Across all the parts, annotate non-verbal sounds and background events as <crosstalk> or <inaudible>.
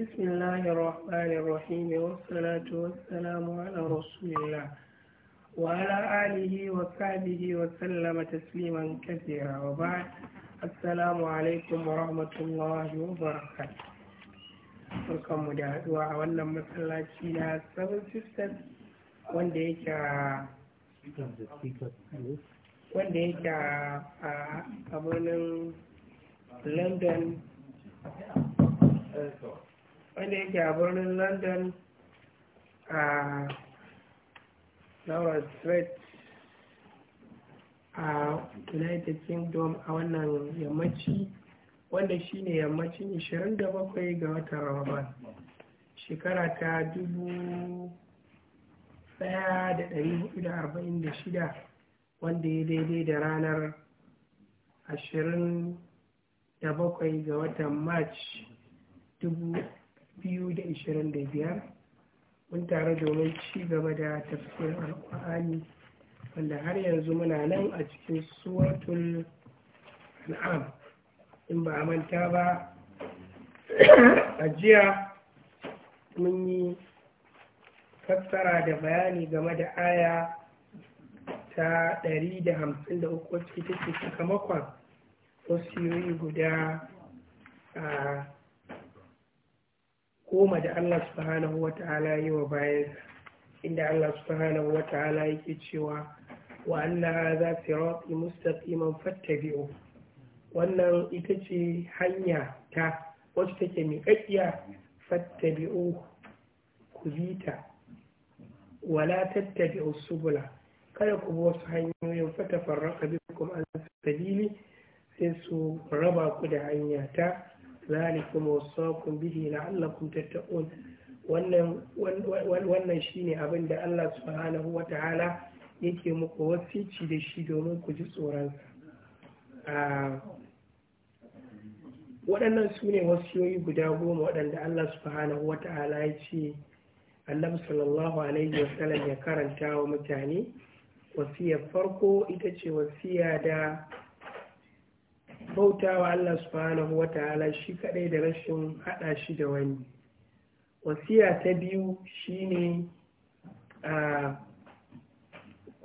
بسم الله الرحمن الرحيم والصلاة والسلام على رسول الله وعلى آله وصحبه وسلم تسليما كثيرا وبعد السلام عليكم ورحمة الله وبركاته barkanmu da haɗuwa a wannan masallaci na seven sisters wanda yake wanda yake a birnin london wanda yake a birnin london a lower street a united kingdom a wannan yammaci wanda shi ne yammacin 27 ga watan ramadan shekara ta 1446 wanda ya daidai da ranar 27 ga watan march biyu biyar mun tare domin ci gaba da tafsirin alkur'ani wanda har yanzu muna nan a cikin suwatul al'am in ba a manta ba a jiya mun yi fassara da bayani game da aya ta 153 wacce ita sakamakon wasu yi guda a koma da Allah subhanahu ta’ala yi wa bayansa inda Allah subhanahu ta’ala yake cewa wa anna hadha sirati mustaqiman fattabi'u wannan ita ce hanya ta wacce take miƙaƙiya fattabi'u ku bi ta wala tattabi'u subula kada ku bi wasu hanyoyin fatafarraka bikum an sabili sai su raba ku da hanya ta ذلكم وصاكم به لعلكم تتقون wannan shine abin da Allah subhanahu wa ta'ala yake muku wasici da shi domin ku ji tsoronsa waɗannan su ne wasiyoyi guda goma waɗanda Allah subhanahu wa ta'ala ya ce Allah sallallahu alaihi wasallam ya karanta wa mutane wasiyar farko ita ce wasiya da bautawa Allah subhanahu wa ta'ala shi kadai da rashin hada shi da wani wasiya ta biyu shine a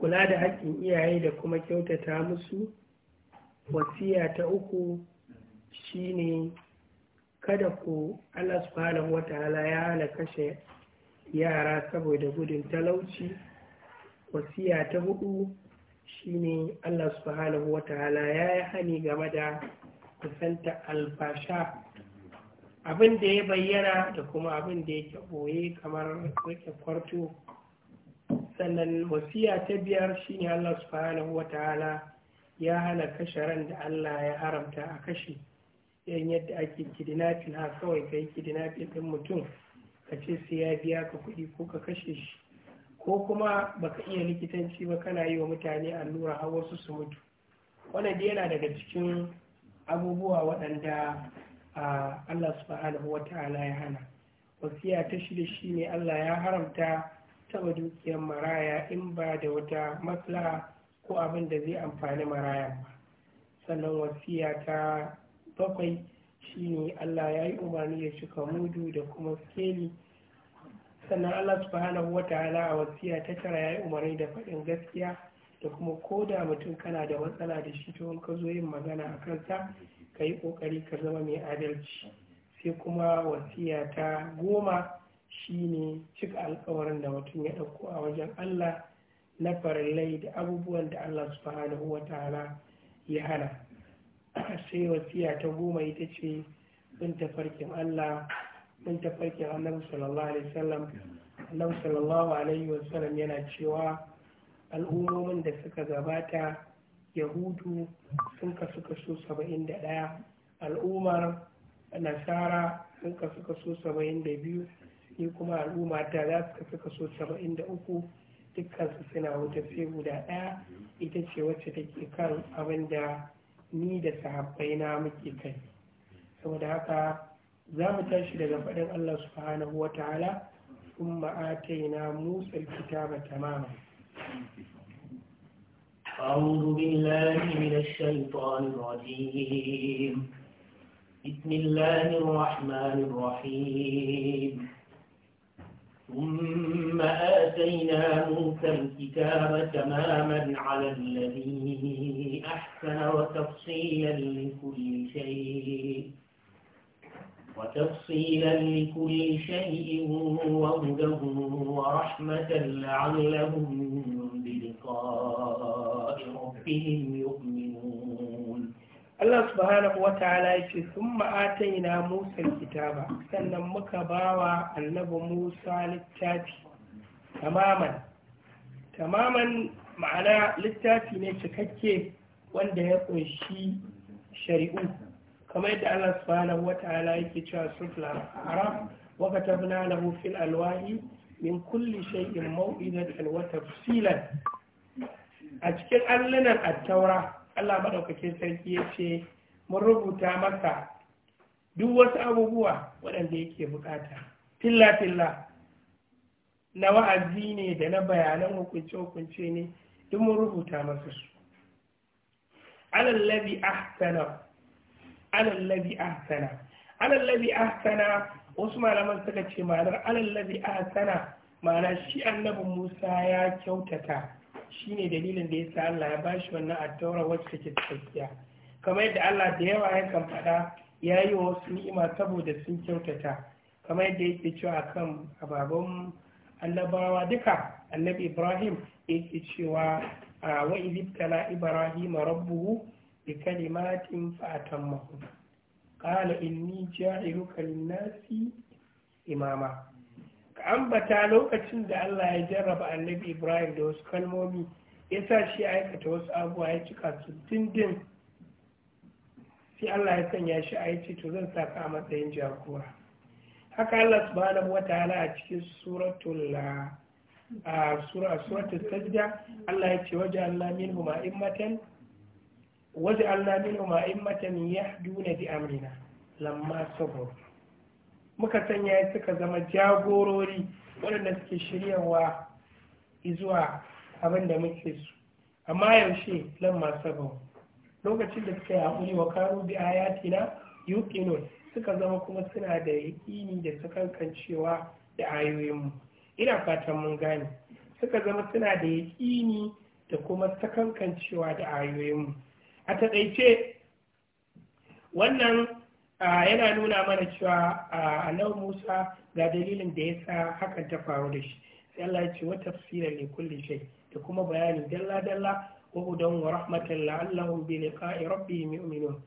kula da haƙƙin iyaye da kuma kyautata musu wasiya ta uku shine kada ku Allah subhanahu wa ta'ala ya hana kashe yara saboda gudun talauci wasiya ta hudu shine Allah subhanahu wa ta'ala ya yi hani game da kusanta albasha abin da ya bayyana da kuma abin da yake boye kamar wake kwarto sannan wasiya ta biyar shine Allah subhanahu wa ta'ala ya hana kashe ran da Allah ya haramta a kashe yan yadda ake kidnapping ha kawai kai kidnapping din mutum ka ce sai ya biya ka kuɗi ko ka kashe shi ko kuma baka iya likitanci ba kana yi wa mutane allura har wasu su mutu wannan yana daga cikin abubuwa waɗanda Allah subhanahu wa ta'ala ya hana wasiya ta shi ne Allah ya haramta taba dukiyar maraya in ba da wata matsala ko abin da zai amfani maraya ba sannan wasiya ta bakwai ne Allah ya yi umarni ya cika mudu da kuma skeli sannan Allah subhanahu wa ta'ala a wasiya ta tara ya yi umarni da faɗin gaskiya da kuma ko da mutum kana da matsala da shi to ka zo yin magana a kansa ka yi ƙoƙari ka zama mai adalci sai kuma wasiya ta goma shine cika alkawarin da mutum ya ɗauko a wajen Allah na farallai da abubuwan da Allah subhanahu wa ta'ala ya hana sai wasiya ta goma ita ce binta farkin Allah mun tafarkin annabi sallallahu alaihi wasallam annabi sallallahu alaihi wasallam yana cewa al'ummomin da suka gabata yahudu sun kasu kaso saba'in da ɗaya al'ummar nasara sun kasu kaso saba'in da biyu ni kuma al'umma ta za su kasu kaso saba'in da uku dukkansu suna wuta sai guda ɗaya ita ce wacce take kan abin da ni da sahabbai na muke kai saboda haka za mu tashi daga faɗin Allah subhanahu wa ta'ala sun ma'ataina musa kitaba tamama أعوذ بالله من الشيطان الرجيم بسم الله الرحمن الرحيم ثم آتينا موسى الكتاب تماما على الذي أحسن وتفصيلا لكل شيء وتفصيلا لكل شيء وهدى ورحمة لعلهم بلقاء ربهم يؤمنون الله سبحانه وتعالى ثم آتينا موسى الكتاب سنمك باوى النبي موسى للتاتي تماما تماما معنا littafi نيشكك وانده يقول ya kunshi kamar yadda Allah subhanahu wataala yake cewa sufla haram wa katabna lahu fil alwahi min kulli shay'in maw'idatan wa tafsilan a cikin allunan at-taura Allah madaukakin sarki yace mun rubuta maka duk wasu abubuwa waɗanda yake bukata filla filla na wa'azi ne da na bayanan hukunce hukunce ne duk mun rubuta masa su alallabi ahsana alallabi ahsana alallabi ahsana wasu malaman suka ce ma'anar alallabi ahsana ma'ana shi Annabi Musa ya kyautata shine dalilin da ya yasa Allah ya bashi wannan attaura wacce take tsakiya kamar yadda Allah da yawa yakan fada ya yi wa wasu ni'ima saboda sun kyautata kamar yadda yake cewa kan ababen annabawa duka annabi ibrahim yake cewa wa izibtala ibrahim rabbuhu بكلمات فأتمهن قال إني جاعلك Imama. Ka ambata lokacin da Allah ya jarraba Allabi Ibrahim da wasu kalmomi ya sa shi aikata wasu abubuwa ya cika su dindin sai Allah ya sanya shi a to zan saka a matsayin jagora haka Allah subhanahu wa ta'ala a cikin suratul a Allah ya ce waje Allah minhum a'immatan ma minhum ya duna bi amrina lamma sabaru muka sanya suka zama jagorori waɗanda suke shiryawa zuwa abin da muke su amma yaushe lamma sabaru lokacin da suka yi haƙuri wa kanu bi ayatina yuqinun suka zama kuma suna da yaƙini da sakankancewa da ayoyinmu ina fatan mun gane suka zama suna da yaƙini da kuma sakankancewa da ayoyinmu a taƙaice wannan yana nuna mana cewa annabi musa ga dalilin da ya sa hakan ta faru da shi sai allah ce wa tafsirar ne kulle shai da kuma bayani dalla dalla wa hudan wa rahmatan la'allahum bi liqa'i rabbihim yu'minun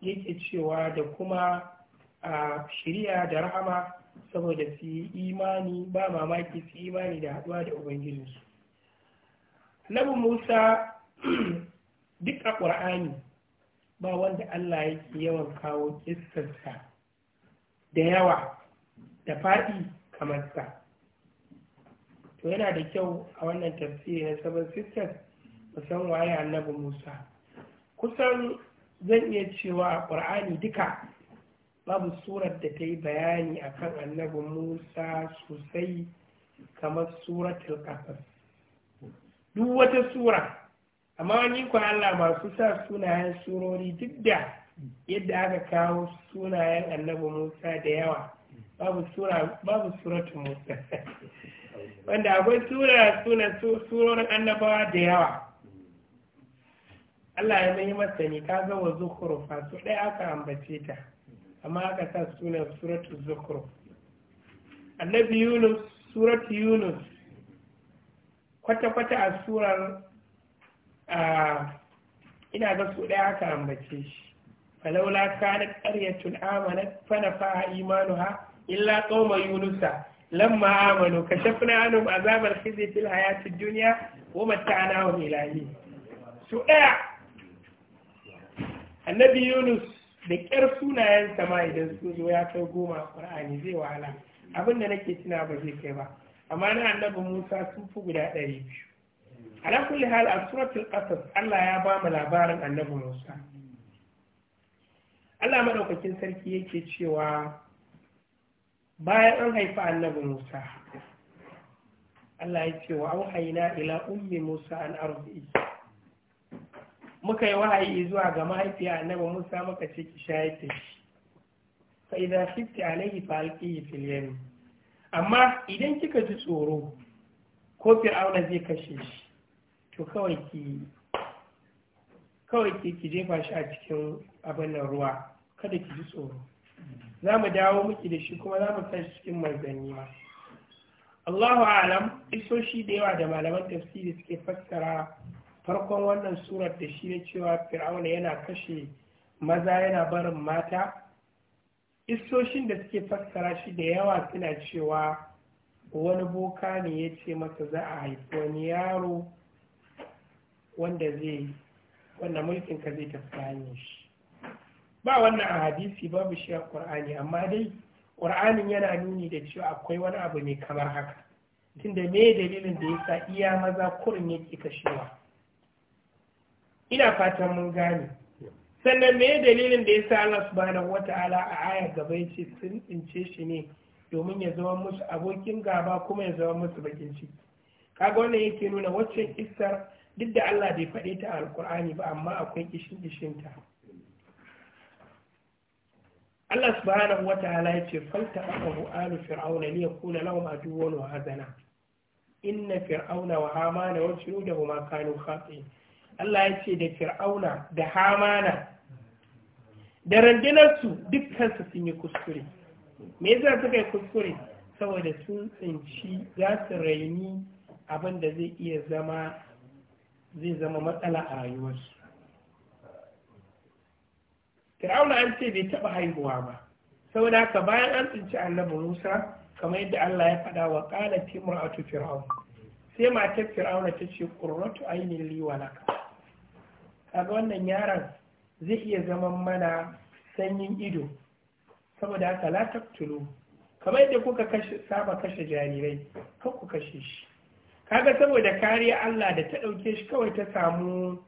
yake cewa da kuma shirya da rahama saboda su yi imani ba mamaki su imani da haɗuwa da ubangijinsu Nabi Musa duk a ƙur'ani ba wanda Allah yake yawan kawo iskarsa da yawa da faɗi kamar to yana da kyau a wannan tafsiri na sabon sisters musan waye annabi musa kusan zan iya cewa a ƙur'ani duka babu surar da ta yi bayani akan annabi musa sosai kamar suratul duk wata sura amma wani ku Allah masu sa sunayen surori duk da yadda aka kawo sunayen annabi Musa da yawa babu sura babu suratu Musa <laughs> wanda akwai sura suna surorin annabawa da yawa Allah ya mai masa ne ka ga wa fa su ɗaya aka ambace ta amma aka sa sunan suratu zukhruf annabi Yunus suratu Yunus kwata-kwata a surar ina ga su ɗaya aka ambace shi falaula kanat qaryatun amanat ha, in imanuha illa qauma yunusa lamma amanu kashafna anhum azab al-khizy fil hayati dunya wa mata'nahum ila su ɗaya annabi yunus da ƙyar sunayen sama idan sun zo ya kai goma qur'ani zai wahala abin da nake tuna ba zai kai ba amma na annabi musa sun fi guda ɗari biyu ala kulli hal a suratul qasas Allah ya ba mu labarin annabi Musa Allah madaukakin sarki yake cewa bayan an haifi annabi Musa Allah ya ce wa auhayna ila ummi Musa an arbi muka yi wahayi zuwa ga mahaifiya annabi Musa muka ce ki sha shi fa idza khifti alayhi fa alqihi fil yam amma idan kika ji tsoro ko fir'auna zai kashe shi to kawai ki kawai ki ki jefa shi a cikin abin nan ruwa kada ki ji tsoro za mu dawo miki da shi kuma za mu sa shi cikin manzanni ma Allahu alam isoshi da yawa da malaman tafsiri suke fassara farkon wannan surar da shi ne cewa fir'auna yana kashe maza yana barin mata Isoshin da suke fassara shi da yawa suna cewa wani boka ne ya ce masa za a haifi wani yaro wanda zai wanda mulkin ka zai tafi shi ba wannan a hadisi babu shi a ƙur'ani amma dai ƙur'anin yana nuni da cewa akwai wani abu mai kamar haka tunda me dalilin da yasa iya maza kurin yake kashewa ina fatan mun gane sannan me dalilin da yasa Allah subhanahu wata'ala a aya gaba ya ce sun tsince shi ne domin ya zama musu abokin gaba kuma ya zama musu bakin ciki kaga wannan yake nuna waccan kissar duk da Allah bai faɗe ta a alkur'ani ba amma akwai kishin ƙishinta. Allah subhanahu wa ta'ala ya ce falta abu alu fir'auna kula lau ma duk wani wahazana inna fir'auna wa hamana wa junudahuma kanu khati Allah ya ce da fir'auna da hamana da randunarsu dukkansu sun yi kuskure me yasa suka yi kuskure saboda sun tsinci za su raini abin da zai iya zama zai zama matsala a rayuwarsu fir'auna an ce bai taɓa haihuwa ba Sau da haka bayan an tsinci annabi musa kamar yadda allah ya faɗa wa ƙala a fir'aun sai matar fir'auna ta ce ƙurratu ainihin liwa laka kaga wannan yaron zai iya zaman mana sanyin ido saboda haka la taqtulu kamar yadda kuka saba kashe jarirai kar ku kashe shi kaga saboda kariya Allah da ta ɗauke shi kawai ta samu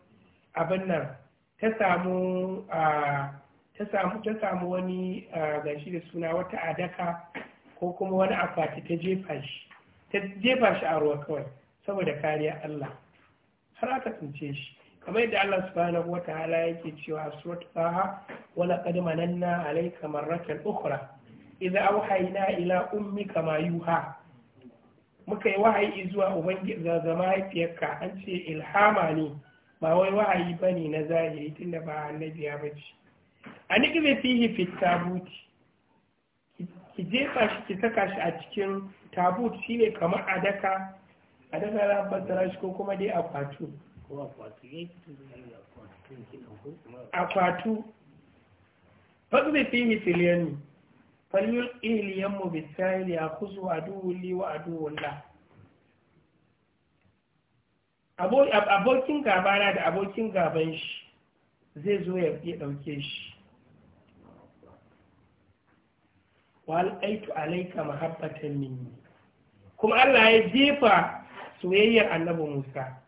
abin nan ta samu ta samu ta samu wani gashi da suna wata adaka ko kuma wani akwati ta jefa shi ta jefa shi a ruwa kawai saboda kariya Allah har aka tsince shi kamar yadda Allah subhanahu wa ta'ala yake cewa a surat taha wala qad mananna alayka marratan ukhra idza awhayna ila ummika ma yuha muka yi wahayi zuwa ubangiji zama haifiyarka, an ce ilhama ne ba wai wahayi ba ne na zahiri tunda ba annabiya ba ce a nikize fihi fit tabuti ki jefa shi ki saka shi a cikin tabut shi ne kamar adaka adaka za fassara shi ko kuma dai akwatu akwatu fasu zai fi hitiliyani falyul ihliyan mu bisayil ya kuzu aduwwu li wa aduwwu la abokin gabana da abokin gaban shi zai zo ya ɗauke shi wal aitu alaika mahabbatan minni kuma Allah ya jefa soyayyar annabi Musa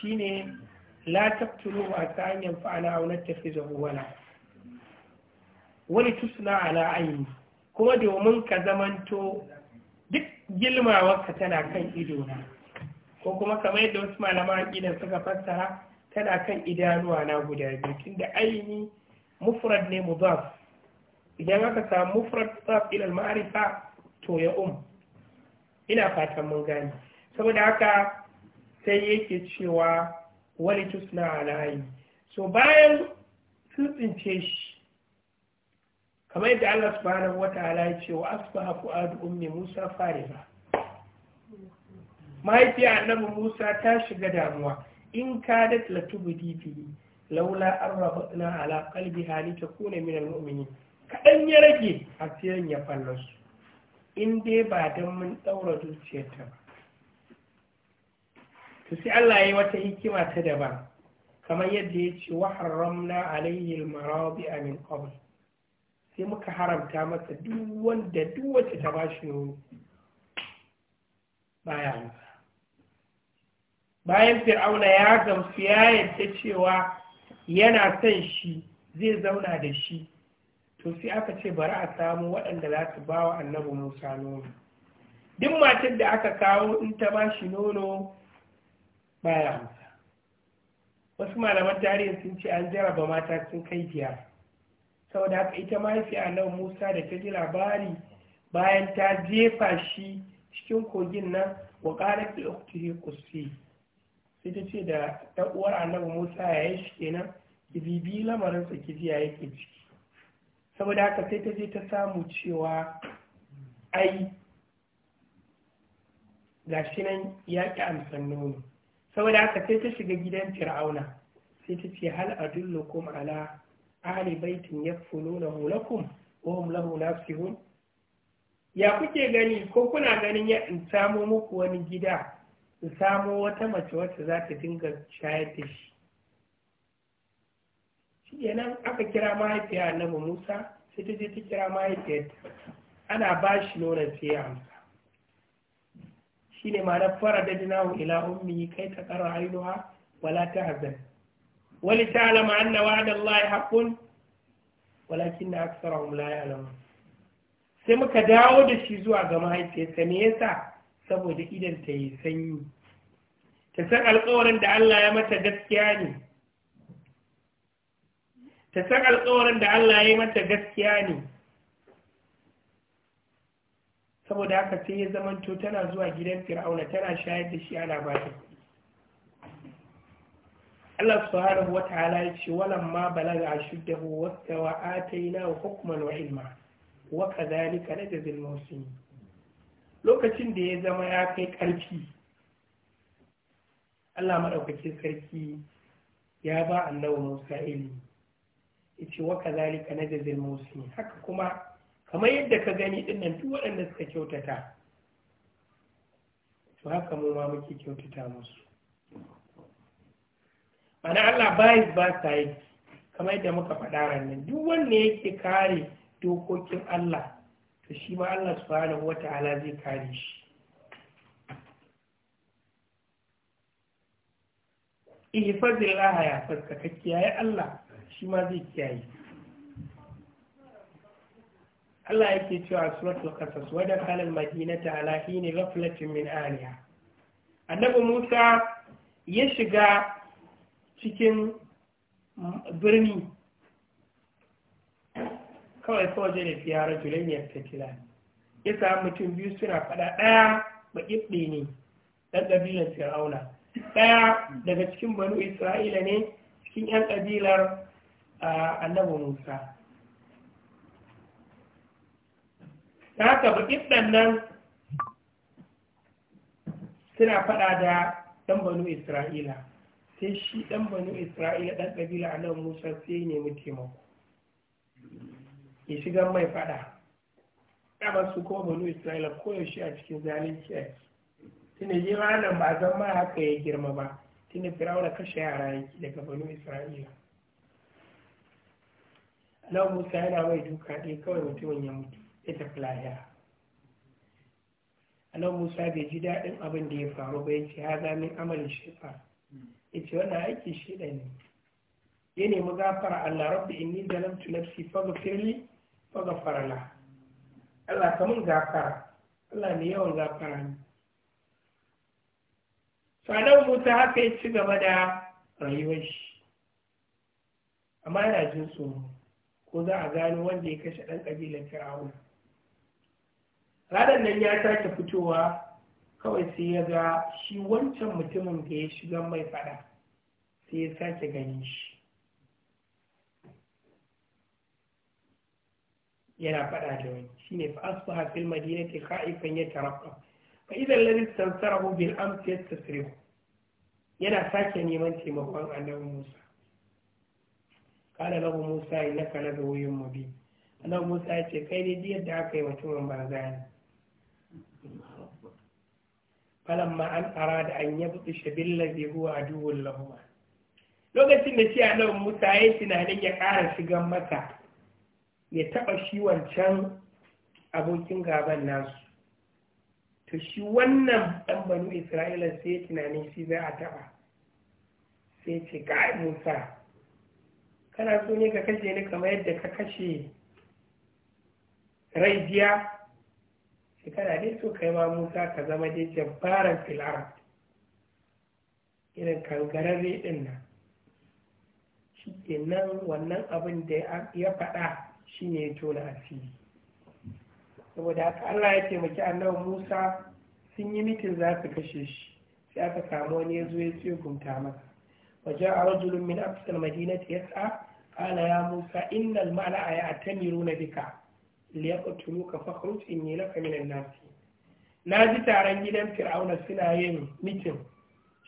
shine la taqtulu wa ta'yan fa ana aw nattakhizahu wani tusla ala aini kuma domin ka zamanto duk gilmawarka tana kan idona ko kuma kamar yadda wasu malaman aƙidan suka fassara tana kan idanuwa na guda biyu tunda aini mufrad ne mudaf idan aka samu mufrad mudaf ila marifa to ya um ina fatan mun gani saboda haka sai yake cewa wani tusna ala aini so bayan sun shi kamar yadda Allah subhanahu ta'ala ya ce wa asbaha fu'adu ummi Musa fariha mahaifiya annabi Musa ta shiga damuwa in kadat latubdi fi laula arrabatna ala ta kuna min almu'minin kadan ya rage a cikin ya fallasu in dai ba dan mun daura zuciyarta ba to sai Allah ya yi wata hikima ta daban kamar yadda ya ce wa harramna alayhi almarabi min qabl sai muka haramta masa duk wanda duk wacce ta ba shi nono baya amsa bayan fir'auna ya gamsu ya yadda cewa yana son shi zai zauna da shi to sai aka ce bari a samu waɗanda za su ba wa annabi musa nono duk matar da aka kawo in ta ba shi nono baya amsa wasu malaman tarihin sun ce an jaraba mata sun kai biyar saboda haka ita a annabi musa da ta ji labari bayan ta jefa shi cikin kogin nan wa ƙara da uktihi kusi sai ta ce da ta uwar annabi musa ya yi shi kenan bibi lamarinsa ki jiya ya yake ciki saboda haka sai ta je ta samu cewa ai gashi nan ya ƙi amsan nono saboda haka sai ta shiga gidan fir'auna sai ta ce hal adullukum ala ahli baitin yakfulunahu lakum wa hum lahu nasihun ya kuke gani ko kuna ganin ya in samo muku wani gida in samo wata mace wacce za ta dinga shayar da shi shi nan aka kira mahaifiya na musa sai ta je ta kira mahaifiyarta ana ba shi nonon sai ya amsa shi ne ma na fara da dinahu ila ummi kai ta ƙara haihuwa wala ta ولتعلم أن وعد الله حق ولكن أكثرهم لا يعلمون sai muka dawo da shi zuwa ga mahaifiyarsa me yasa saboda idan ta yi sanyi ta san alkawarin da Allah ya mata gaskiya ne ta san alkawarin da Allah ya mata gaskiya ne saboda haka sai ya zamanto tana zuwa gidan fir'auna tana shayar da shi ana ba Allah subhanahu wa ta'ala ya ce walan ma balaga ashuddahu wastawa atainahu hukman wa ilma wa kadhalika najzil muhsinin lokacin da ya zama ya kai karfi Allah madaukakin sarki ya ba annabi Musa ya yace wa kadhalika najzil muhsinin haka kuma kamar yadda ka gani dinnan duk waɗanda suka kyautata to haka mu ma muke kyautata musu mana Allah bayis ba sa yi kamar yadda muka faɗa ranar duk wanda yake kare dokokin Allah to shi ma Allah subhanahu ta'ala zai kare shi ihfazil laha ya ka kiyaye Allah shi ma zai kiyaye Allah yake cewa suratul qasas wa da al-madinata ala hini ghaflatin min aliha annabi Musa ya shiga cikin birni kawai soja da fiyara julen ya ya sa mutum biyu suna fada ɗaya ba ibɗi ne dan kabilar fir'auna ɗaya daga cikin banu isra'ila ne cikin 'yan ƙabilar annabi musa ta haka ba ibdan nan suna fada da dan banu isra'ila sai shi ɗan banu isra'ila ɗan ƙabila a nan musa sai ya nemi taimako ya shiga mai faɗa ɗaba su kuma banu isra'ila koyaushe a cikin zalunci a tunda yi ranar ba zan ma haka ya girma ba tunda firawuna kashe yara yake daga banu isra'ila nan musa yana mai duka ɗaya kawai mutumin ya mutu ya tafi lahira nan musa bai ji daɗin abin da ya faru ba ya ce ha zamin amalin shefa ce wannan aiki shi ne ya nemi gafara Allah rabbi inni zalamtu nafsi faghfirli faghfara la Allah ka mun gafara Allah ne yawan gafara ne sanan musa haka ya ci gaba da rayuwar shi amma yana jin tsoro ko za a gano wanda ya kashe ɗan ƙabilar fir'auna ranar nan ya sake fitowa kawai sai ya ga shi wancan mutumin da ya shiga mai fada sai ya sake ganin shi yana faɗa da wani shi ne fa asu hafil madinati ka'ifan ya tarabba fa idan ladin tansarahu bil amsi yastasrihu yana sake neman taimakon annabi Musa kala lahu Musa mu biyu. mubin annabi Musa ya ce kai ne yadda aka yi mutumin banza ne falamma an arada an yabtisha billazi huwa aduwwun lahuma lokacin da shi annabi Musa ya yi tunanin ya ƙara shigan mata ya taɓa shi wancan abokin gaban nasu to shi wannan ɗan banu isra'ila sai tunanin shi za a taɓa sai ce ga musa kana so ne ka kashe ni kamar yadda ka kashe rai jiya shi kana dai so kai ma musa ka zama dai jabbaran fil'ar irin kangararre ɗin nan shikenan wannan abin da ya faɗa shine ya tona asiri saboda haka Allah ya taimaki annabi Musa sun yi mitin za su kashe shi sai aka samu wani ya zo ya gumta masa waje a rajulun min afisar madinati ya sa kala ya musa innal mala'a ya na bika liyaqtulu ka fakhruj inni laka min an-nas na ji taron gidan fir'auna suna yin mitin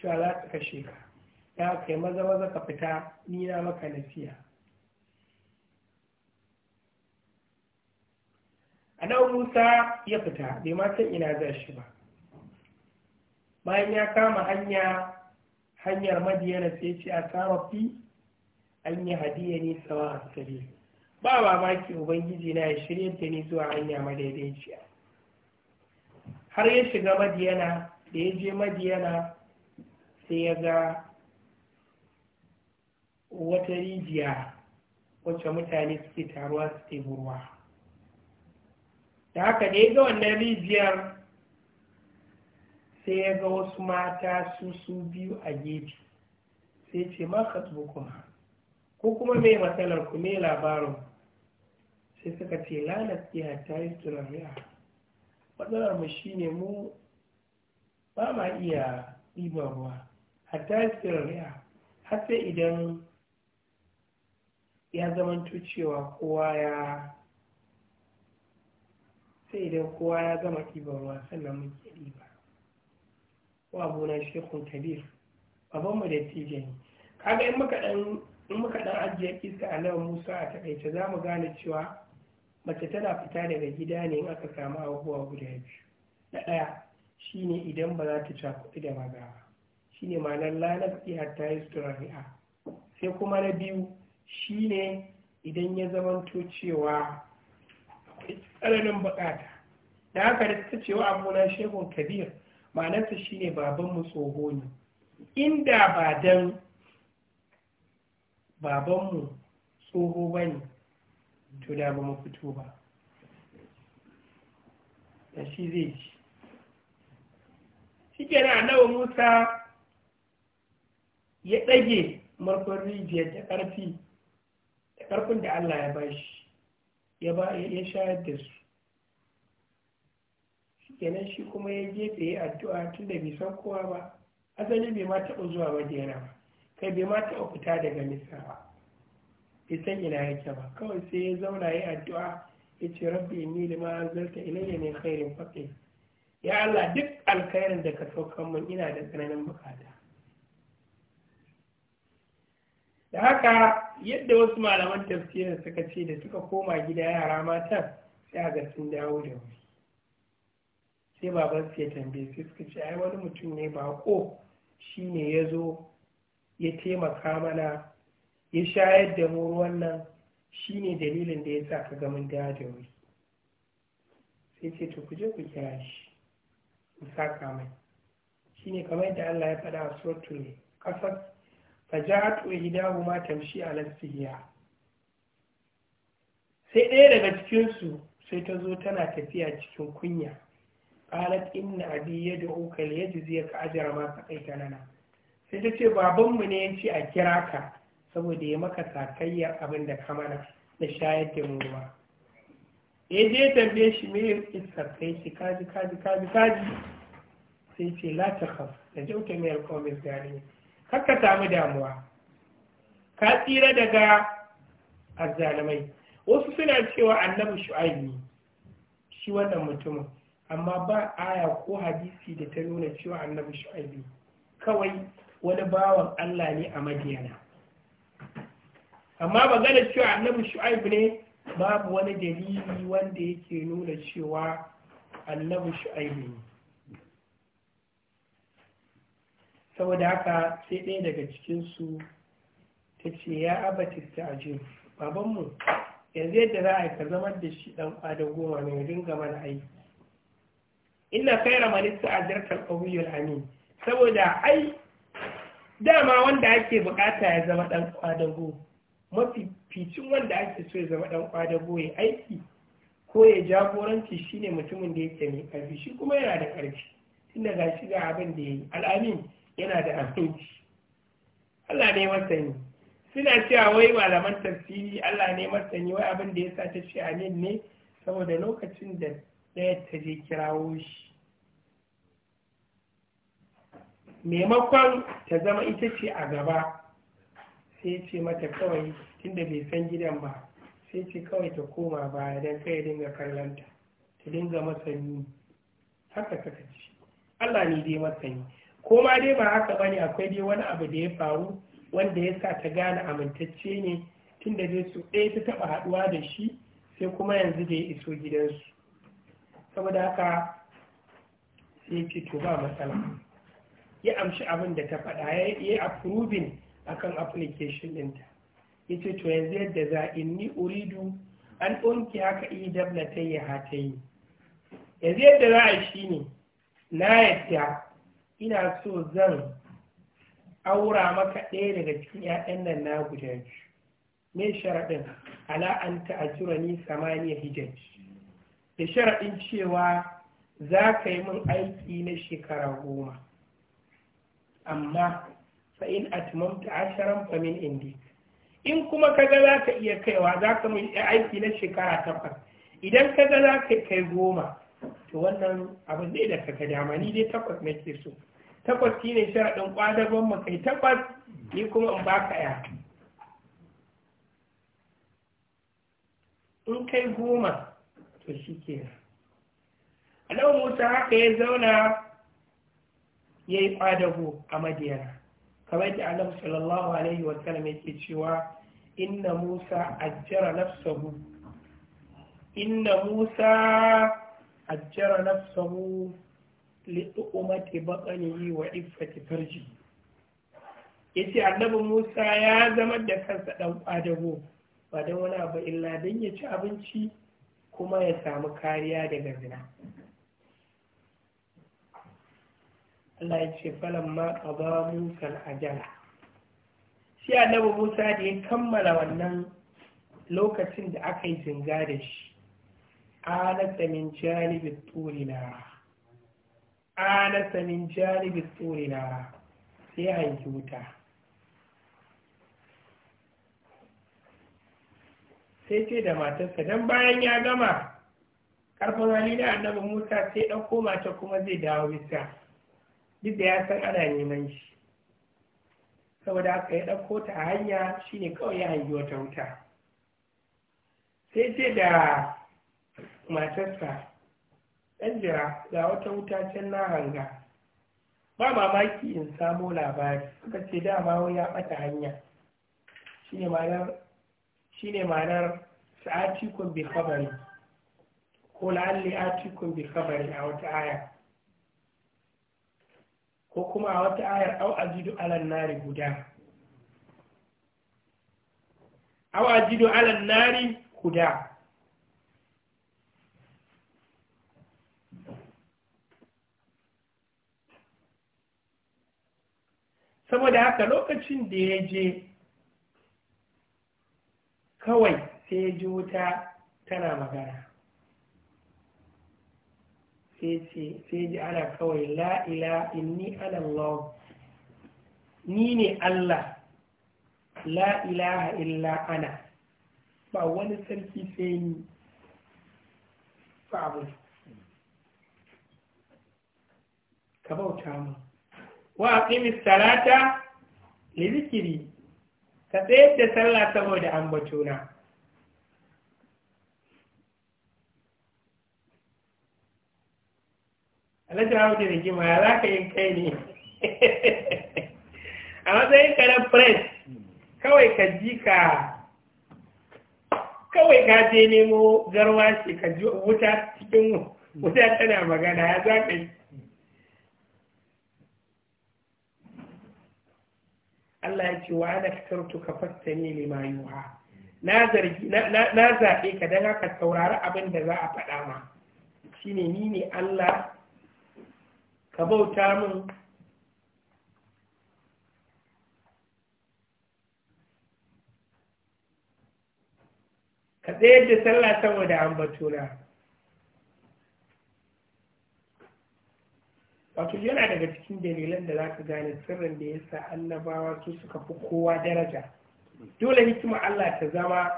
cewa za su kashe ka ya kai maza maza ka fita nina na maka nasiya annabi musa ya fita bai ma san ina za shi ba bayan ya kama hanya hanyar madiyana sai ce a kama fi an yi hadiya ne sawa a sare ba mamaki ubangiji na ya shirya da ni zuwa hanya madaidaiciya har ya shiga madiyana da ya je madiyana sai ya ga wata rijiya wacce mutane suke taruwa su teburwa da haka ne, ya ga wannan rijiyar sai ya ga wasu mata su su biyu a gefe sai ce ma ka kuma ko kuma mai matsalar ku mai labarin sai suka ce lalata ke hatta yi turariya matsalar mu shine mu ba ma iya ɗiban ruwa hatta yi turariya har sai idan ya zama cewa kowa ya sai idan kowa ya zama ɗiban wasan na muke ɗiba wa abuna shekun kabir babanmu da tije kaga in muka ɗan in muka ɗan ajiye iska a nan musa a takaice za mu gane cewa mace tana fita daga gida ne in aka samu abubuwa guda biyu na ɗaya shine idan ba za ta cakuɗi da maza ba shine ma'anar na fiye ta yi sai kuma na biyu shine idan ya zamanto cewa akwai tsananin bukata da haka da ta cewa abuna shehun kabir ma'anarsa shine babanmu tsoho ne inda ba dan babanmu tsoho ba ne to da ba mu fito ba da shi zai ci shi ke na nawa musa ya ɗage markon rijiyar da ƙarfi ƙarfin da Allah ya ba shi ya shayar da su kenan shi kuma ya ta yi addu'a tun da bai san kowa ba asali bai ma taɓa zuwa madina ba kai bai ma taɓa fita daga nisa ba bai san ina yake ba kawai sai ya zauna ya addu'a ya ce rabbi inni lima anzalta ilayya ne khairin faqir ya Allah duk alkhairin da ka saukan mun ina da tsananin bukata da haka yadda wasu malaman tafsirin suka ce da suka koma gida yara matan sai a sun dawo da wuri sai baban su ya tambaye su suka ce ai wani mutum ne ba ko shi ne ya zo ya taimaka mana ya shayar da mu ruwan nan shi ne dalilin da ya sa ka ga mun dawo da wuri sai ce to ku je ku kira shi ku saka mai shi ne kamar yadda Allah ya faɗa a suratul kasar فجاءت إحداهما تمشي على السياح sai ɗaya daga cikinsu sai ta zo tana tafiya cikin kunya qalat inna abi yad'uka liyajziyaka ajra ma saqaita lana sai ta ce babanmu ne yace a kira ka saboda ya maka sakayyar abin da ka mana da shayar da mu ruwa ya je tambaye shi me iskar ka shi kaji kaji kaji kaji sai ce la takhaf najauta ka samu damuwa ka tsira daga azzalumai wasu suna cewa annabi shu'aib shi wannan mutumin amma ba aya ko hadisi da ta nuna cewa annabi shu'aib ne kawai wani bawan Allah ne a madiyana amma ba gane cewa annabi shu'aib ne babu wani dalili wanda yake nuna cewa annabi shu'aib ne saboda haka sai ɗaya daga cikinsu ta ce ya abatista a jin babanmu yanzu yadda za a yi ka zama da shi ɗan ƙwadon goma mai dinga mana aiki ina kaira malista a jirkar ƙauyul amin saboda ai dama wanda ake bukata ya zama ɗan ƙwadago mafificin wanda ake so ya zama ɗan ƙwadago ya aiki ko ya jagoranci shine mutumin da yake mai ƙarfi shi kuma yana da ƙarfi tunda ga shi ga abin da ya yi al'amin yana da aminci Allah ne masani suna cewa wai malaman tafsiri Allah ne masani wai abin da ya sa ta ce amin ne saboda lokacin da ɗaya ta je kirawo shi maimakon ta zama ita ce a gaba sai ce mata kawai tunda bai san gidan ba sai ce kawai ta koma baya don kai dinga kallonta ta dinga masani haka ta ce Allah ne dai masani ko ma dai ba haka bane akwai dai wani abu da ya faru wanda ya sa ta gane amintacce ne tun da dai su ɗaya ta taɓa haɗuwa da shi sai kuma yanzu da ya iso gidansu saboda haka sai ce to ba matsala ya amshi abin da ta faɗa ya yi approving akan application ɗinta ya ce to yanzu yadda za in ni uridu an ɗonki haka iya e dabla ta yi hatayi yanzu yadda za a shi ne na yadda ina so zan aura maka ɗaya daga cikin ‘ya'yan nan na guda biyu me sharaɗin ala'anta a jira ni samaniya hijaj da sharaɗin cewa za ka yi min aiki na shekara goma amma fa'in atmamta asharan famin indi in kuma kaga za ka iya kaiwa za ka min aiki na shekara takwas idan kaga za ka kai goma to wannan abin da ka ga dama ni dai takwas nake so takwas shi ne sharaɗin ƙwadagon mu kai takwas ni kuma in ba ka ya in kai goma to shi ke nan musa haka ya zauna ya yi ƙwadago a madiyar. kamar da alam sallallahu alaihi wa sallam yake cewa inna musa ajjara nafsahu inna musa ajjara nafsahu liɗu'umati yi wa iffati farji ya ce annabi musa ya zama da kansa ɗan ƙwadago ba don wani abu illa don ya ci abinci kuma ya samu kariya daga zina Allah ya ce falon ma ba musa ajala shi annabi musa da ya kammala wannan lokacin da aka yi zinga da shi A anata min janibin turi na anasa min janibin tsori sai sai yi wuta sai ce da matarsa don bayan ya gama karfin hali da annabi musa sai ɗauko mata kuma zai dawo bisa duk da ya san ana neman shi saboda aka yi ɗauko ta a hanya shine kawai ya hangi wata wuta sai ce da matarsa ɗan jira ga wata wuta can na hanga ba mamaki in samo labari suka ce dama wai ya ɓata hanya Shi ne ma'anar sa'atikun bi khabari ko la'alli atikun bi khabari a wata aya ko kuma a wata ayar au ajidu alan nari guda au ajidu alan nari guda saboda haka lokacin da ya je kawai sai ya ji wuta tana magana sai ji ana kawai la'ila inni alallahu ni ne Allah la'ilaha illa ana ba wani sarki sai ni ba abu ka bauta mu wa aqimis salata li zikri ka tsayar da sallah saboda ambatuna. Allah ta da rigima ya za yin kai ne <laughs> a matsayin ka na press kawai ka ji ka kawai ka je nemo garwashi ka ji wuta cikin wuta tana magana ya za ka yi Allah ya ce wa ana ka fastani ne ma na wa na zaɓe ka don haka saurari abin da za a faɗa ma ne ni ne Allah ka bauta min ka tsayar da sallah saboda ambatuna wato yana daga cikin dalilan da za ka gane sirrin da ya sa annabawa su suka fi kowa daraja dole hikima Allah ta zama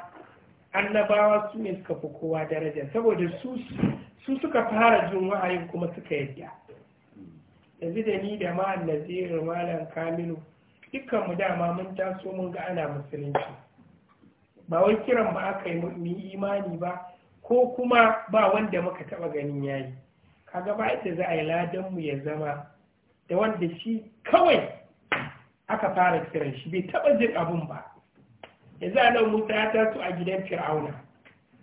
annabawa su ne suka fi kowa daraja saboda su suka fara jin wahayin kuma suka yadda yanzu da ni da ma nazirin malam kamilu dukkan mu dama mun taso mun ga ana musulunci ba wai kiran ba aka yi imani ba ko kuma ba wanda muka taba ganin yayi kaga ba yadda za a yi ladan mu ya zama da wanda shi kawai aka fara kiran shi bai taba jin abun ba za a nan musa ya taso a gidan fir'auna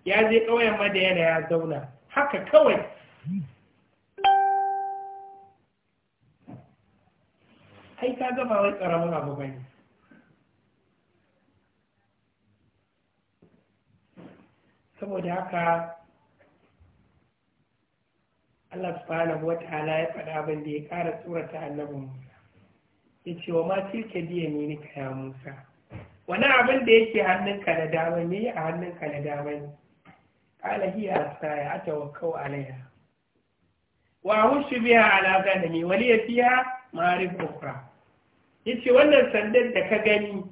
ya je da yana ya zauna haka kawai ai ka gama wai karamin abu bane saboda haka Allah subhanahu wa ta'ala ya faɗa abin da ya ƙara tsorata annabin Musa ya ce wa ma tilke biya ne ni ya Musa wani abin da yake hannunka da dama ne a hannunka da dama ne qala hiya asaya ya alaiha wa hushu biya ala ne wani ya fiya ma'arif Ya ce wannan sandar da ka gani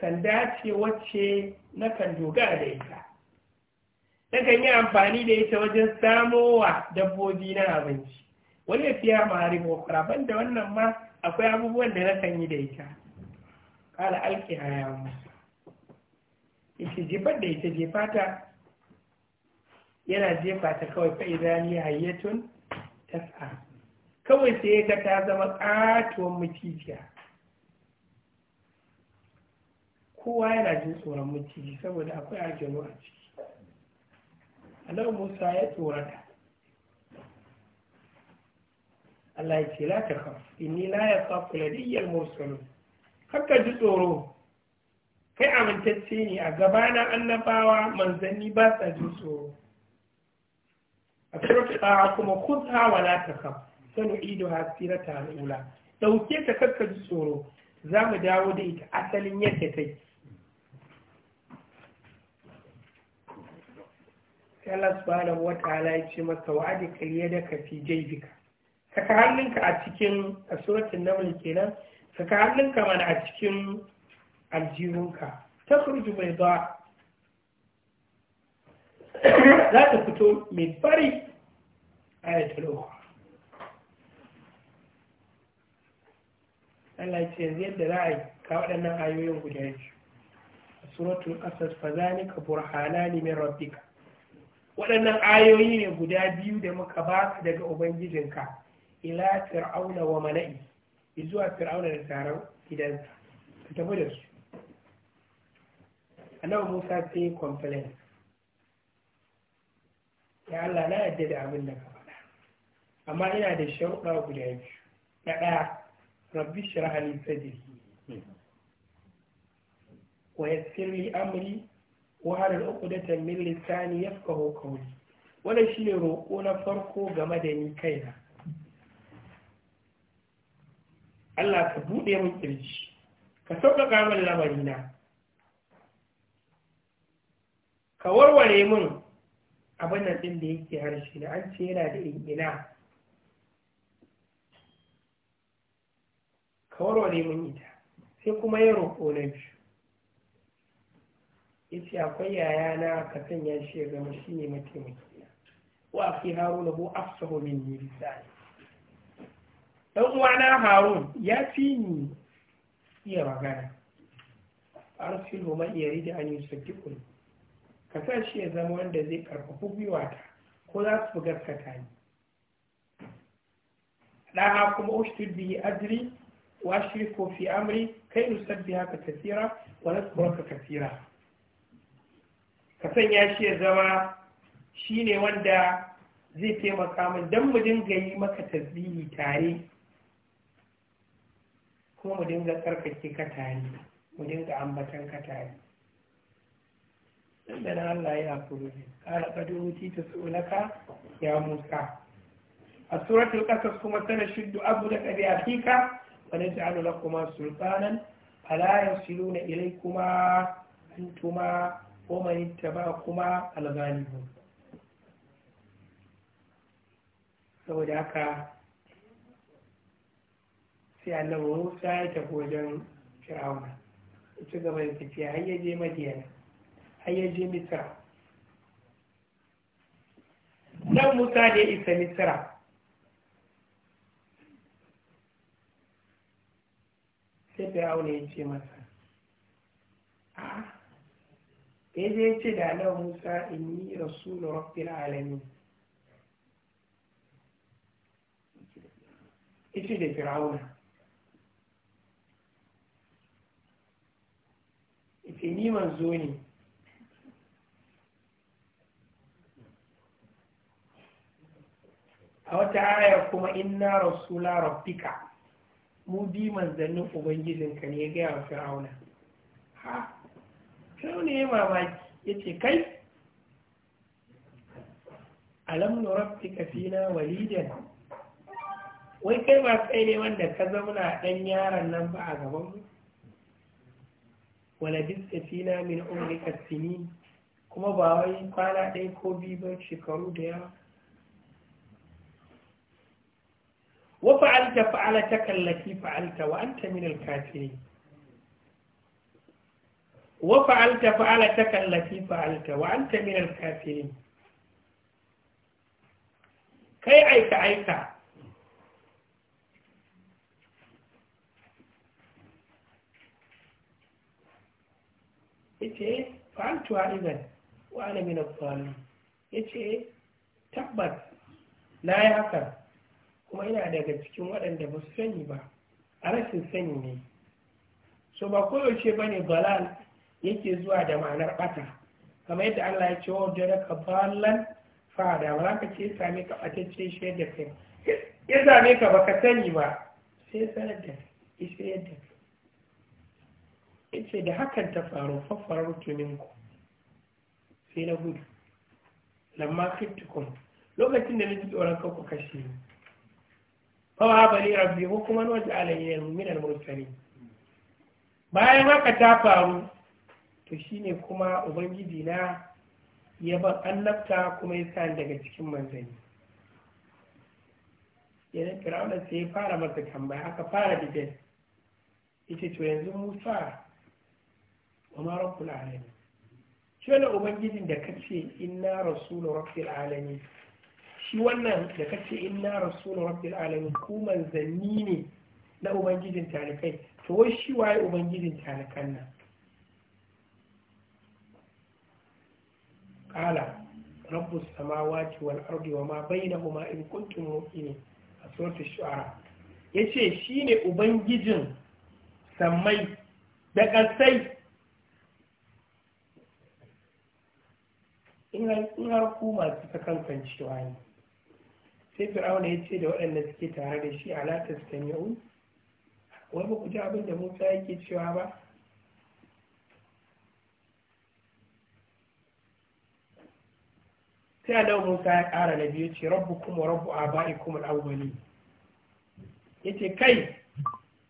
sanda ce wacce na kan dogara da ita takan yi amfani da ita wajen samowa dabbobi na abinci wani ya fiya mari bokura ban da wannan ma akwai abubuwan da nakan yi da ita kala alki haya musu ita jefar da ita jefa ta yana jefa ta kawai fa'idani hayyatun tasa kawai sai ya ta zama katuwan mutijiya kowa yana jin tsoron mutiji saboda akwai aljanu a ciki annabi musa ya tsorata Allah ya ce la ta inni la yakhafu ladayyal mursalun kakka ji tsoro kai amintacce ne a gabana annabawa manzanni ba sa ji tsoro a turka kuma kunta wa la ta khaf sanu idu hasirata alula dauke ta kakka ji tsoro za mu dawo da ita asalin yadda take sai Allah subhanahu wa ta'ala ya ce masa wa'adi kariya da ka fi jaibika saka hannunka a cikin a suratul naml kenan saka hannunka mana a cikin aljihunka ta kurji bai za za ta fito mai fari a ya talo Allah ya ce yanzu yadda za a yi ka waɗannan ayoyin guda biyu a suratul asas fa zalika burhanani min rabbika waɗannan ayoyi ne guda biyu da muka baka daga ubangijinka ila fir'auna wa mala'i izuwa fir'auna da taron gidansa ka tafi da su annabi musa yi complain ya Allah na yadda da abin da ka faɗa amma ina da sharuɗa guda biyu na ɗaya rabbi shirahali li wa yassir amri wahalar uqdatan min lisani yafqahu qawli wannan shine roƙo na farko game da ni kaina Allah ka buɗe min ƙirji, ka sauƙaƙa min lamarina ka warware min abin nan ɗin da yake harshe na an ce yana da ingina ka warware min ita sai kuma ya roƙo na biyu yace akwai yayana ka sanya shi ya zama shine mataimakina wa fi haruna bu afsahu min lisani dan uwana harun ya fi ni iya magana arsilu man yaridi an yusaddiquni ka sa shi ya zama wanda zai karfafi gwiwata ko za su gaskata ni laha kuma ushtud bihi wa shirku fi amri kai nusabbiha ka kathira wa nasbuka kathira ka sanya shi ya zama shi ne wanda zai taimaka min don mu dinga yi maka tasbihi tare kuma mu dinga tsarkake ka tare mu dinga ambatan ka tare nan da Allah ya furu ne kala kadu wuti ta tsulaka ya musa a suratul qasas kuma sana shiddu abu da kabi afika wa naj'alu lakuma sultanan fala yasiluna ilaykuma antuma wa mai taba kuma alghalibun saboda haka sai annabi Musa ya tafi wajen Fir'auna gaba da tafiya har yaje je Madiyana har ya je nan Musa da ya isa Misra sai Fir'auna ya ce masa a'a ya je ce da annabi musa inni rasulu rabbil alamin ita da fir'auna ita ni manzo ne a wata aya kuma inna rasula rabbika mu bi manzannin ubangijinka ne ya gaya wa fir'auna ha fir'auna ya mamaki ya ce kai alam nurabbika fina walidan wai kai ba kai ne wanda ka zauna ɗan yaron nan ba a gaban mu walabista fina min umrika sinin kuma ba wai kwana ɗaya ko biyu ba shekaru da yawa wa fa'alta fa'alata kallati fa'alta wa anta min al-kafirin wa fa'alta التي فعلت وأنت wa الكافرين كي al-kafirin kai aika aika وأنا من idan wa ana لا يعفر kuma ina daga cikin waɗanda ba su sani ba a rashin sani ne so ba koyaushe ba ne balal yake zuwa da ma'anar bata kamar yadda Allah ya ce wa jaraka ballan fada ba ka ce ya same ka ɓatacce shi yadda kai ya same ka baka sani ba sai ya sanar da ishe yadda ya ce da hakan ta faru fafarar tuninku sai na gudu lamma kriptikon lokacin da na ji tsoron kanku kashe ni fawa bari rabbi hukuman wajen alayyar minar murtani bayan haka ta faru to shine kuma ubangiji na ya ban annabta kuma ya sa daga cikin manzanni Yana firawunan sai ya fara masa tambaya aka fara bidan ita to yanzu musa wa marar kula alami shi wannan ubangijin da ka ce inna rasulun rabbil alami shi wannan da ka ce inna rasulun rabbil alami ku manzanni ne na ubangijin talikai to wai shi waye ubangijin talikan nan ta'ala rabbu samawati wal ardi wa ma bainahuma in kuntum mu'minin a suratu shu'ara yace shine ubangijin sammai da ƙasai in har ku masu kankan cewa ne sai fir'auna ya ce da waɗanda suke tare da shi alatas ta wai ba ku ji abin da musa yake cewa ba sai annabi Musa ya ƙara na biyu ce rabbu kuma rabbu kuma al Ya ce, kai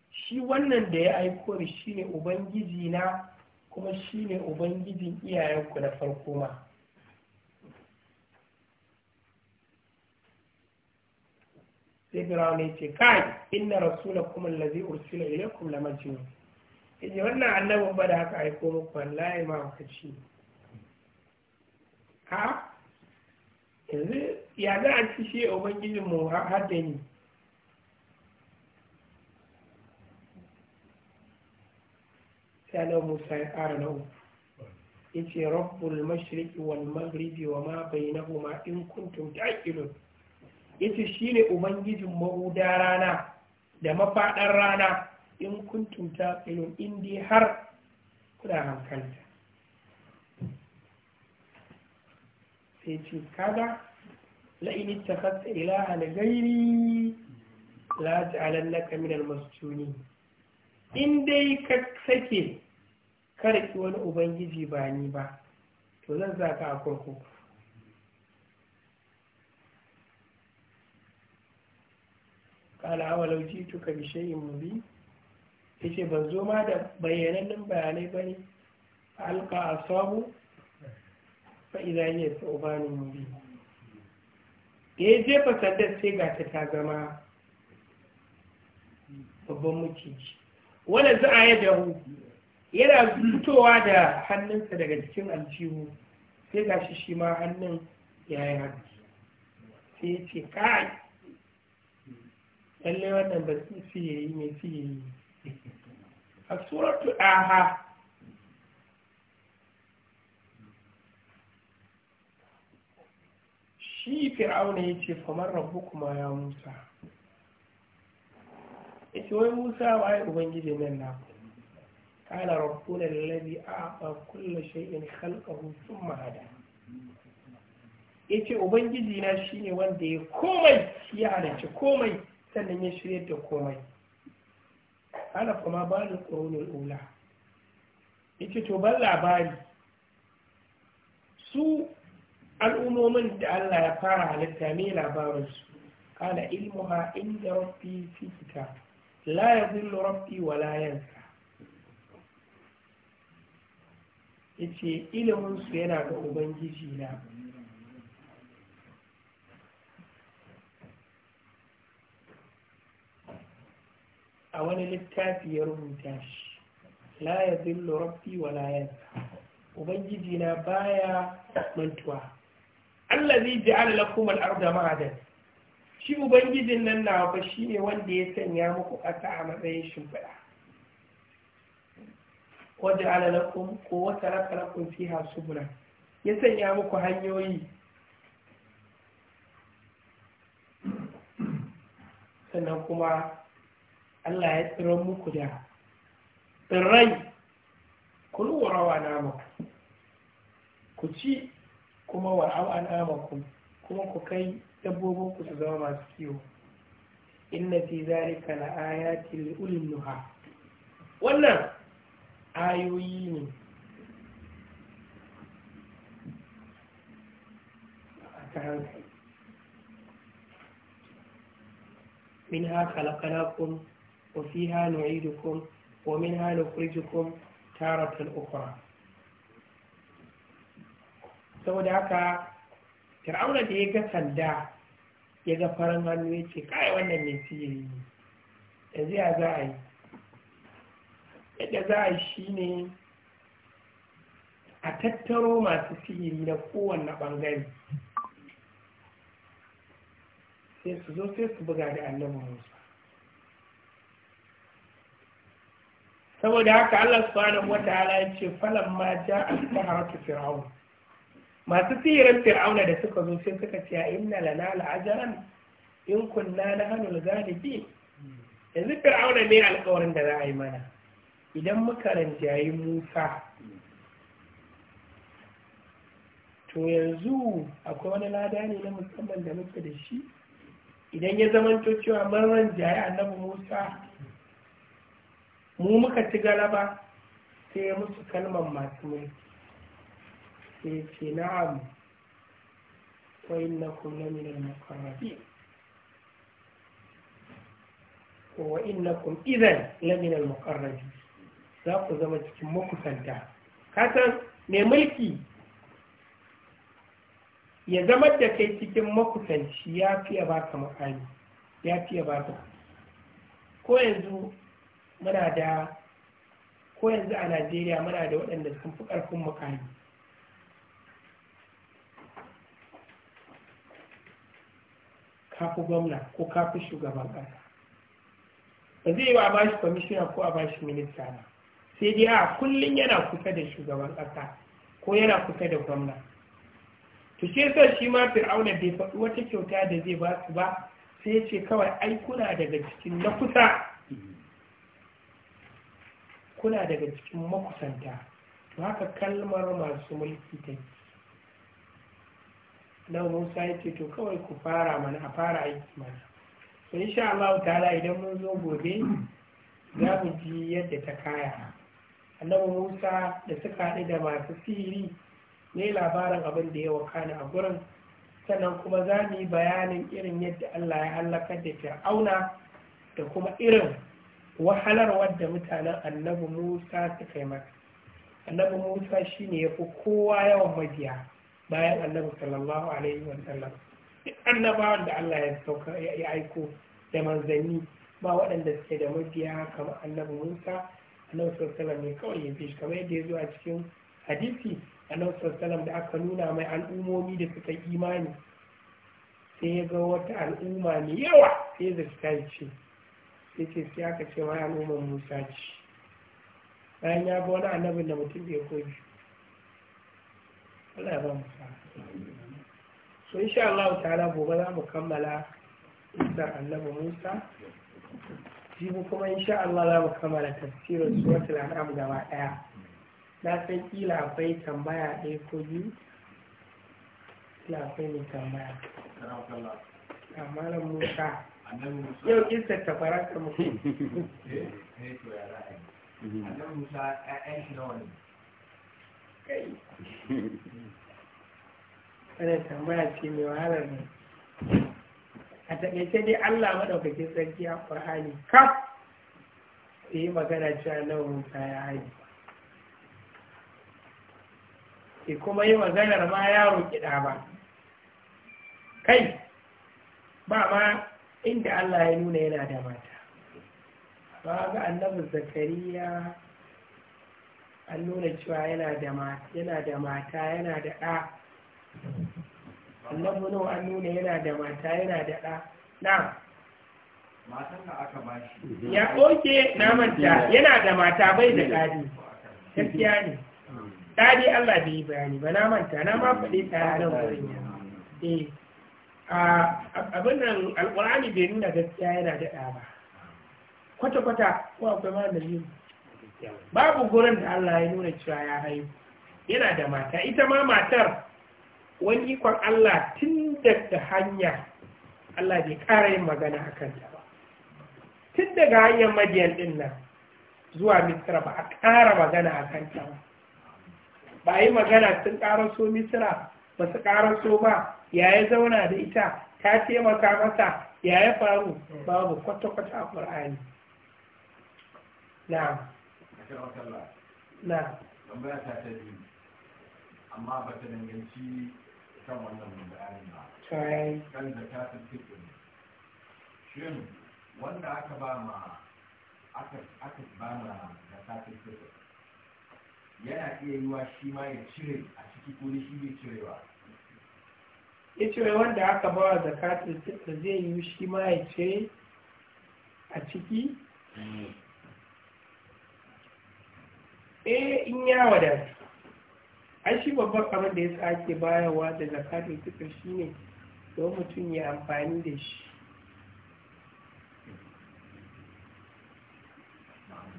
shi wannan da ya aiko ni ne ubangiji na kuma shi ne ubangijin iyayenku na farko ma sai firawun ya ce kai inna rasula kuma lazi ursila ilaikum la majnun yace wannan annabin ba da haka aiko muku wallahi ma haka ci ha yanzu ya za a ci shi mu har da ni sai musa ya na ya ce rabbul mashriqi wal maghribi wa ma bainahuma in kuntum ta'qilun yace shine ubangijin mahuda rana da mafadar rana in kuntum taqilun in har kuna hankalta sai ce kaga la'in ittakhadta ilaha la ghairi la ta'alannaka min al in dai ka sake karki wani ubangiji ba ni ba to zan za ka a kurkuku kala awalau jituka bi shay'in mubin ban zo ma da bayyanannin bayanai ba ne alka a sabo. fa'iza yi tsaubanin wuri da ya jefa sandar sai ga ta ta zama babban mukici wadda za a yi dahu yana fitowa da hannunsa daga cikin aljihu sai ga shi shi ma hannun ya yi hannu sai ya ce kai lallai wannan ba su yi mai su yi a suratu aha shi fir'auna ya ce famar rabu kuma ya musa ya ce wai musa ya ubangiji nan na kana rabu na lalabi a ba kulla shai'in halkahu sun mahada ya ce ubangiji na shi ne wanda ya komai ya halarci komai sannan ya shirya da komai kala kuma ba da tsoronin ula ya ce to ban labari su al'ummomin da Allah ya fara halitta ne labarinsu kala ilmuha inda rabbi fi fita la yadhillu rabbi wa la yansa ce ilimin yana ga ubangiji na a wani littafi ya rubuta shi la yadhillu rabbi wa la yansa ubangiji na baya mantuwa allazi ja'ala lakum al-arda ma'adan shi ubangijin nan na fa shine wanda ya sanya muku ƙasa a matsayin shimfiɗa wa ja'ala lakum ko lakum fiha subula ya sanya muku hanyoyi sannan kuma Allah ya tsira muku da tsirrai kulu rawa namu ku ci kuma wa au an amakum kuma ku kai dabbobin ku su zama masu kiwo inna fi zalika la ayatin li ulil nuha wannan ayoyi ne ta hankali منها خلقناكم وفيها نعيدكم ومنها نخرجكم تارة أخرى saboda haka fir'auna da ya ga sanda ya ga farin hannu ya ce kai wannan mai sihiri ne yanzu ya za a yi yadda za a yi shi ne a tattaro masu sihiri na kowanne ɓangare sai su zo sai su buga da annabi musa saboda haka allah subhanahu wa ta'ala ya ce falan ma ja a saharatu fir'auna masu sihirin fir'auna da suka zo sai suka ce inna lana la'ajaran in kunna na hannun galibi yanzu fir'auna ne alkawarin da za a yi mana idan muka rinjayi musa to yanzu akwai wani lada ne na musamman da muke da shi idan ya zamanto cewa mun ranjaye annabi musa mu muka ci galaba sai musu kalmar masu mulki sai ce na'am wa innakum lamina al-muqarrabin wa idan al-muqarrabin za ku zama cikin makusanta kasan mai mulki ya zama da kai cikin makusanci ya fiye baka makami ya ya baka ko yanzu muna da ko yanzu a najeriya muna da waɗanda sun fi ƙarfin makami kafi gwamna ko kafi shugaban ƙasa ba zai yi ba a bashi kwamishina ko a bashi minista ba sai dai a kullum yana kusa da shugaban ƙasa ko yana kusa da gwamna to shi yasa shi ma fir'auna bai faɗi wata kyauta da zai ba su ba sai ya ce kawai ai kuna daga cikin na kusa kuna daga cikin makusanta to haka kalmar masu mulki take nan musa ya ce to kawai ku fara mana a fara aiki mana to insha Allah ta'ala idan mun zo gobe za mu ji yadda ta kaya annabi musa da suka haɗu da masu sihiri ne labarin abin da ya wakana a gurin sannan kuma za mu yi bayanin irin yadda Allah ya halaka da fir'auna da kuma irin wahalar da mutanen annabi musa suka yi mata annabi musa shine ya fi kowa yawan mabiya bayan annabi sallallahu alaihi wa sallam annabawan da Allah ya sauka ya aiko da manzanni ba waɗanda suke da mabiya kamar annabi Musa annabi sallallahu alaihi ne kawai ya fi kamar yadda ya zo a cikin hadisi annabi sallallahu alaihi da aka nuna mai al'umomi da suka imani sai ya ga wata al'umma ne yawa sai da ta ce sai ce sai aka ce mai al'umman Musa ce bayan ya ga wani annabin da mutum bai koyi Allah ya ba mu sa so insha Allah ta'ala gobe za mu kammala Isa annabi Musa mu kuma insha Allah za mu kammala tafsirin suratul an'am gaba daya na san kila akwai tambaya ɗaya ko biyu kila akwai ni tambaya amma nan Musa yau kisa ta faranta mu eh eh to ya ra'ayi annabi Musa ƴaƴan shi nawa wani. Ana tambaya ce mai wahalar ne. A taƙaice dai Allah maɗaukakin sarki a Ƙur'ani kaf da yi magana cewa nan Musa ya haji. Ke kuma yi maganar ma yaro kiɗa ba. Kai, ba ma inda Allah ya nuna yana da mata. Ba ga annabin Zakariya an nuna cewa yana da mata yana da ɗa annabu nau an nuna yana da mata yana da ɗa na matan da aka ba shi ya oke na manta yana da mata bai da ɗadi gaskiya ne ɗadi Allah bai bayani ba na manta na ma faɗi ta nan wurin ya eh abin nan alƙur'ani bai nuna gaskiya yana da ɗa ba kwata-kwata ko akwai ma da babu gurin da Allah ya nuna cewa ya haihu yana da mata ita ma matar wani ikon Allah tun daga hanya Allah bai ƙara yin magana a kanta ba tun daga hanyar madiyan ɗin nan zuwa misira ba a ƙara magana a kanta ba ba a yi magana sun ƙaraso misira ba su ƙaraso ba ya ya zauna da ita ta taimaka masa ya ya faru babu kwata-kwata a ƙur'ani na kalla na tambaya ta ta biyu amma ba ta danganci kan wannan bayanin ba kan da zakatun fitr shin wanda aka ba ma aka aka ba ma zakatun fitr yana iya yiwa shi ma ya cire a ciki ko shi bai cirewa ya cire wanda aka ba wa zakatun fitr zai yi shi ma ya cire a ciki hmm. eh in ya wadata an shi babban abin da ya ake bayarwa da zakatul fitr shine don mutum ya amfani da shi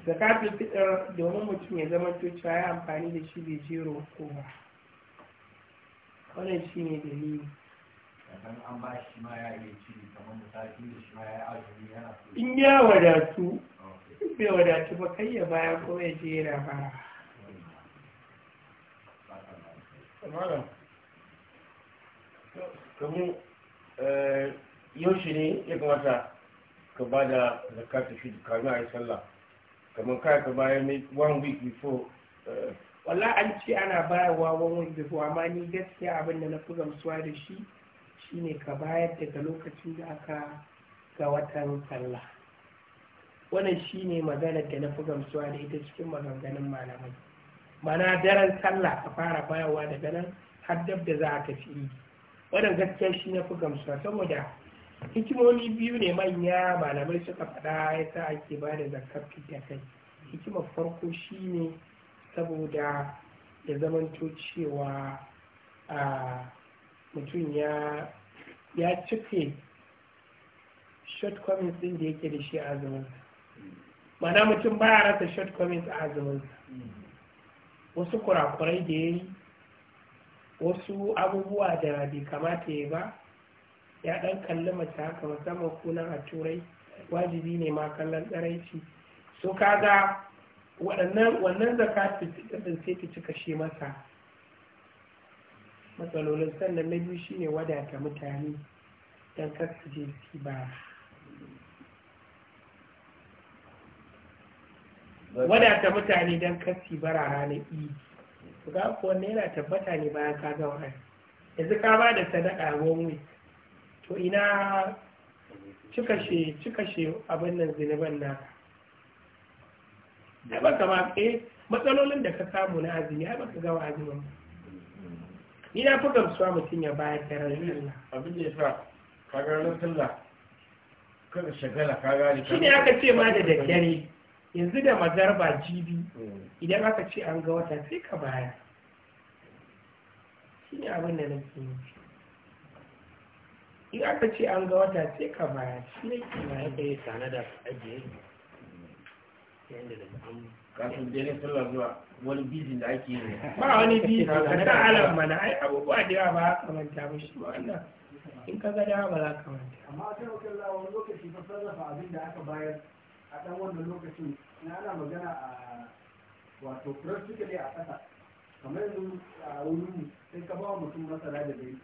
zakatun fitr eh, domin mutum ya zama to cewa ya amfani da shi bai jero ko ba wannan shine dalili in ya wadatu ya wadatu ba kai ya baya kuma ya je yana bara yau eh, yaushe ne ya kamata ka ba da ta fi kamin a yi sallah kamar kai ka bayar ne one week before eh, walla an ce ana wa one week before amma ni gaskiya abin da na fi gamsuwa da shi shine ka bayar daga lokacin da aka ga watan sallah wannan shine maganar da na fi gamsuwa da ita cikin maganganun malamai mana daren sallah ka fara bayawa daga nan har dab da za a tafi yi wannan gaskiya shi na fi gamsuwa saboda hikimomi biyu ne manya malamai suka faɗa ya sa ake ba da zakar fita kai hikimar farko shine saboda ya zamanto cewa mutum ya cike shortcomings din da yake da shi a zamanta mana mutum baya rasa shortcomings a azuminsa wasu kurakurai da yayi wasu abubuwa da bai kamata ya ba ya ɗan kalli mace haka musamman kunan a turai wajibi ne ma kallon tsaraici so kaga waɗannan wannan zaka ɗin sai ta cika shi masa matsalolin sannan na biyu shine wadata mutane don kasu su je su wadata mutane don kasi bara ranar idi su ga kuwa ne yana tabbata ne bayan ka gama hajji yanzu ka ba da sadaka a gomi to ina cika she cika she abin nan zinuban naka ai ba ma ke eh, matsalolin da ka samu na azumi ai ka gama azumin ba ni na fi gamsuwa mutum ya bayar da ranar abin da ya sa kaga ranar sallah kada shagala kaga ne shi ne aka ce ma da daddare yanzu da mazarba jibi hmm. idan aka ce an ga wata sai ka baya shi ne abin da nake yi in aka ce an ga wata sai ka baya shi ne ke na yadda ya tsana da ajiye yadda da kafin dare sallah zuwa wani bizin da ake yi ba wani bizin ka ta alam mana ai abubuwa da yawa ba haka manta ba shi wannan in ka ga da ba za ka manta amma ta wakil lawa wani lokaci ta sarrafa abin da aka bayar a ɗan wannan lokacin na ana magana a wato practically a kasa kamar yanzu a wurin sai ka bawa mutum masara da dai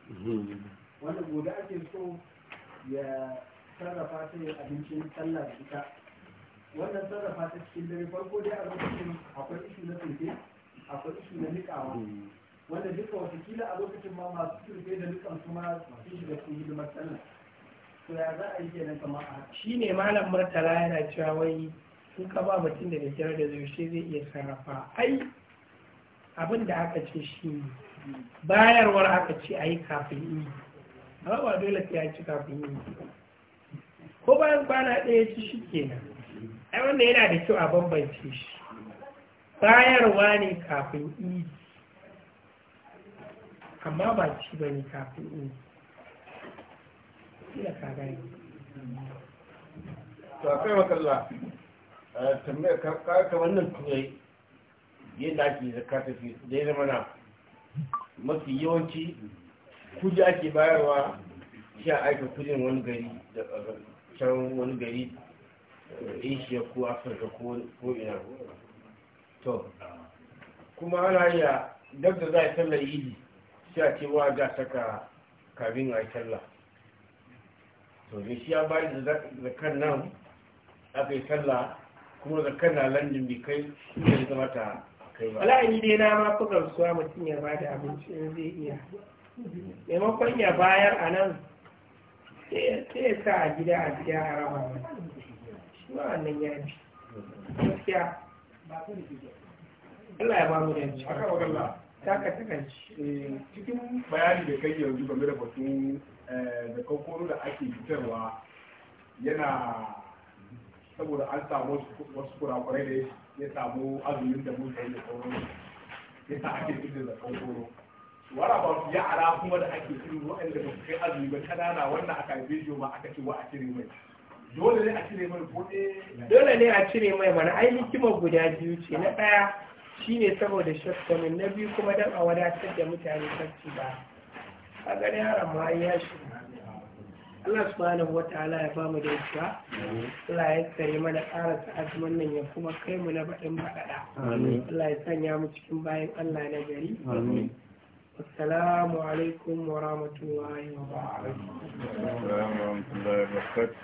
wanda gobe ake so ya sarrafa ta abincin sallah da ita wannan sarrafa ta cikin dare farko dai a lokacin akwai isu na turke akwai isu na nikawa wanda duka watakila a lokacin ma masu turke da nukan kuma ma masu shiga cikin hidimar sallah nan kama a. shi ne malam murtala yana cewa wai in ka ba mutum da daddare da zaushe zai iya sarrafa ai abin da aka ce shi ne bayarwar aka ce a yi kafin yi amma ba dole sai ya ci kafin yi ko bayan kwana ɗaya ci shi nan. ai wanda yana da kyau a bambance shi bayarwa ne kafin yi amma ba ci ba ne kafin yi kila ka gani to akai tambayar ka wannan turai yadda ake zakka tafi da ya zama mafi yawanci kuji ake bayarwa sha aika kujin wani gari da can wani gari eh, asia ko afirka ko ina to kuma ana iya dab da za a sallar idi sha cewa ga saka kafin a yi sallah to ne shi ya bayar da zakar nan aka yi sallah kuma zakar na landin bai kai ne zama ta kai ba ala'ayi dai na ma fi gamsuwa mutum ya ba da abinci in zai iya maimakon ya bayar a nan sai ya sa a gida a gida a raba ba shi ma wannan ya fi gaskiya Allah ya ba mu yanci. Aka wakalla. Ta ka takanci. Eh, cikin bayani da kai yanzu game da batun Eh, da kokoro da ake fitarwa yana saboda an samu wasu kurakurai da ya samu azumin da mun yi da sauran ya sa ake fitar da kankoro wara ba su yara kuma da ake da waɗanda ba su kai azumi ba kanana wannan aka yi bejo ma aka ce wa a cire mai dole ne a cire mai ko dole ne a cire mai mana ai hikima guda biyu ce na ɗaya shine saboda shakkamin na biyu kuma dan a wadatar da mutane sarki ba a gani yaran ma ya shi Allah subhanahu ya bamu da ita Allah ya mana ƙara azumin nan ya kuma kai mu na baɗin baɗaɗa Allah ya sanya mu cikin bayan Allah na gari assalamu alaikum wa rahmatullahi wa barakatuh